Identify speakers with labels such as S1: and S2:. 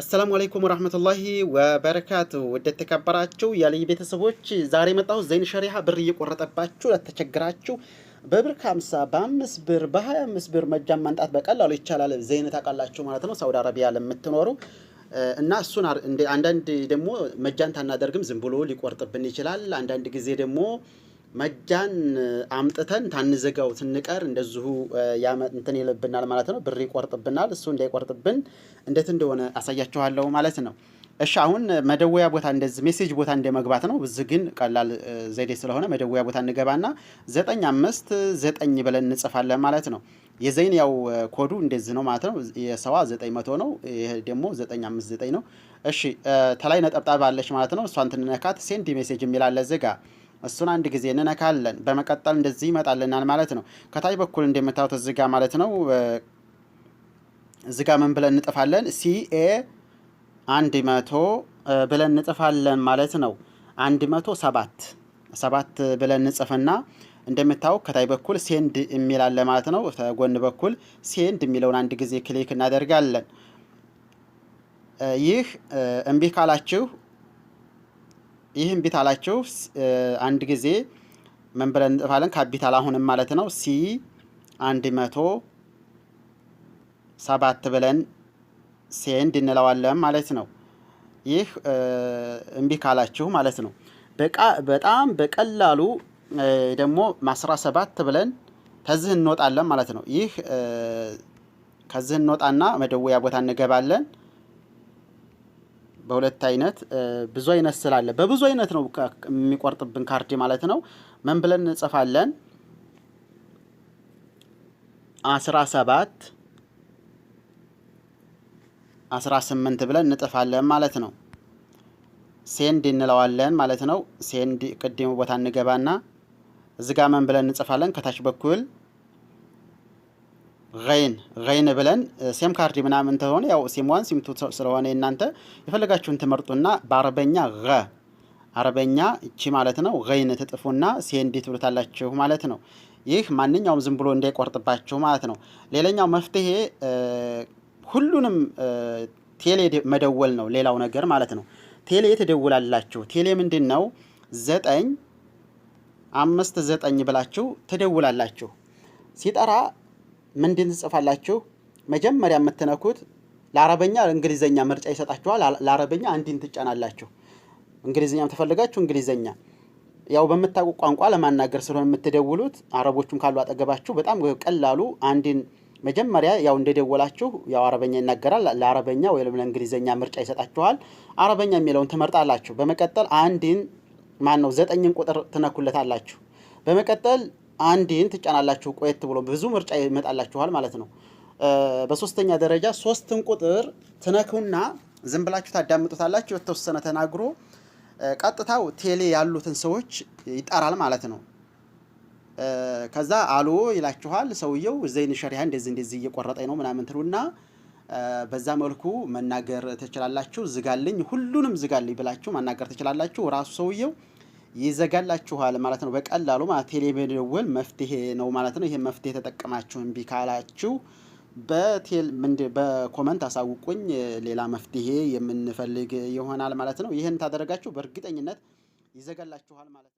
S1: አሰላሙ አለይኩም ወራህመቱላሂ ወበረካቱ። ውድ የተከበራችሁ የአልይ ቤተሰቦች ዛሬ መጣሁ ዘይን ሸሪሃ ብር እየቆረጠባችሁ ለተቸግራችሁ በብር ከ50 በ ብር በ25 ብር መጃን ማንጣት በቀላሉ ይቻላል። ዘይን ታውቃላችሁ ማለት ነው፣ ሳውዲ አረቢያ ለምትኖሩ እና እሱን አንዳንድ ደግሞ መጃን ታናደርግም ዝም ብሎ ሊቆርጥብን ይችላል። አንዳንድ ጊዜ ደግሞ መጃን አምጥተን ታንዘጋው ስንቀር እንደዚሁ እንትን ይልብናል ማለት ነው። ብር ይቆርጥብናል። እሱ እንዳይቆርጥብን እንዴት እንደሆነ አሳያችኋለሁ ማለት ነው። እሺ አሁን መደወያ ቦታ እንደዚህ ሜሴጅ ቦታ እንደ መግባት ነው። ብዙ ግን ቀላል ዘዴ ስለሆነ መደወያ ቦታ እንገባና ዘጠኝ አምስት ዘጠኝ ብለን እንጽፋለን ማለት ነው። የዘይን ያው ኮዱ እንደዚህ ነው ማለት ነው። የሰዋ ዘጠኝ መቶ ነው። ይሄ ደግሞ ዘጠኝ አምስት ዘጠኝ ነው። እሺ ተላይ ነጠብጣብ አለች ማለት ነው። እሷን ትንነካት ሴንድ ሜሴጅ የሚላለ ዝጋ እሱን አንድ ጊዜ እንነካለን። በመቀጠል እንደዚህ ይመጣልናል ማለት ነው። ከታች በኩል እንደምታዩት እዚጋ ማለት ነው። እዚጋ ምን ብለን እንጥፋለን? ሲኤ አንድ መቶ ብለን እንጥፋለን ማለት ነው። አንድ መቶ ሰባት ሰባት ብለን እንጽፍና እንደምታውቅ ከታይ በኩል ሴንድ የሚላለ ማለት ነው። ተጎን በኩል ሴንድ የሚለውን አንድ ጊዜ ክሊክ እናደርጋለን። ይህ እምቢ ካላችሁ ይህ ቢት አላቸው አንድ ጊዜ ምን ብለን እንጥፋለን? ካፒታል አሁንም ማለት ነው ሲ አንድ መቶ ሰባት ብለን ሴንድ እንለዋለን ማለት ነው። ይህ እምቢ ካላችሁ ማለት ነው። በጣም በቀላሉ ደግሞ ማስራ ሰባት ብለን ከዚህ እንወጣለን ማለት ነው። ይህ ከዚህ እንወጣና መደወያ ቦታ እንገባለን። በሁለት አይነት ብዙ አይነት ስላለ በብዙ አይነት ነው የሚቆርጥብን ካርድ ማለት ነው። ምን ብለን እንጽፋለን? አስራ ሰባት አስራ ስምንት ብለን እንጥፋለን ማለት ነው። ሴንድ እንለዋለን ማለት ነው። ሴንድ ቅድሙ ቦታ እንገባና እዚህ መን ብለን እንጽፋለን? ከታች በኩል ይን ይን ብለን ሴም ካርድ ምናምን ተሆነ ያው ሴም ዋን ሴም ቱ ስለሆነ እናንተ የፈለጋችሁን ትመርጡና በአረበኛ አረበኛ እቺ ማለት ነው ይን ትጥፉና ሴንድ ትብሉታላችሁ ማለት ነው። ይህ ማንኛውም ዝም ብሎ እንዳይቆርጥባችሁ ማለት ነው። ሌላኛው መፍትሄ ሁሉንም ቴሌ መደወል ነው። ሌላው ነገር ማለት ነው ቴሌ ትደውላላችሁ። ቴሌ ምንድን ነው? ዘጠኝ አምስት ዘጠኝ ብላችሁ ትደውላላችሁ። ሲጠራ ምንድን ትጽፋላችሁ? መጀመሪያ የምትነኩት ለአረበኛ እንግሊዘኛ ምርጫ ይሰጣችኋል። ለአረበኛ አንዲን ትጫናላችሁ። እንግሊዝኛም ተፈልጋችሁ እንግሊዘኛ ያው በምታውቁ ቋንቋ ለማናገር ስለሆነ የምትደውሉት አረቦቹም ካሉ አጠገባችሁ በጣም ቀላሉ አንዲን መጀመሪያ ያው እንደደወላችሁ ያው አረበኛ ይናገራል። ለአረበኛ ወይም ለእንግሊዘኛ ምርጫ ይሰጣችኋል። አረበኛ የሚለውን ትመርጣላችሁ። በመቀጠል አንድን ማን ነው ዘጠኝን ቁጥር ትነኩለታላችሁ። በመቀጠል አንዴን ትጫናላችሁ። ቆየት ብሎ ብዙ ምርጫ ይመጣላችኋል ማለት ነው። በሶስተኛ ደረጃ ሶስትን ቁጥር ትነኩና ዝም ብላችሁ ታዳምጡታላችሁ። የተወሰነ ተናግሮ ቀጥታው ቴሌ ያሉትን ሰዎች ይጠራል ማለት ነው። ከዛ አሎ ይላችኋል ሰውየው ዘይን ሸሪያ እንደዚህ እንደዚህ እየቆረጠኝ ነው ምናምን ትሉና በዛ መልኩ መናገር ትችላላችሁ። ዝጋልኝ፣ ሁሉንም ዝጋልኝ ብላችሁ ማናገር ትችላላችሁ። ራሱ ሰውየው ይዘጋላችኋል ማለት ነው። በቀላሉ ማለት ቴሌመደወል መፍትሄ ነው ማለት ነው። ይሄ መፍትሄ ተጠቀማችሁ እምቢ ካላችሁ በቴል በኮመንት አሳውቁኝ፣ ሌላ መፍትሄ የምንፈልግ ይሆናል ማለት ነው። ይህን ታደረጋችሁ በእርግጠኝነት ይዘጋላችኋል ማለት ነው።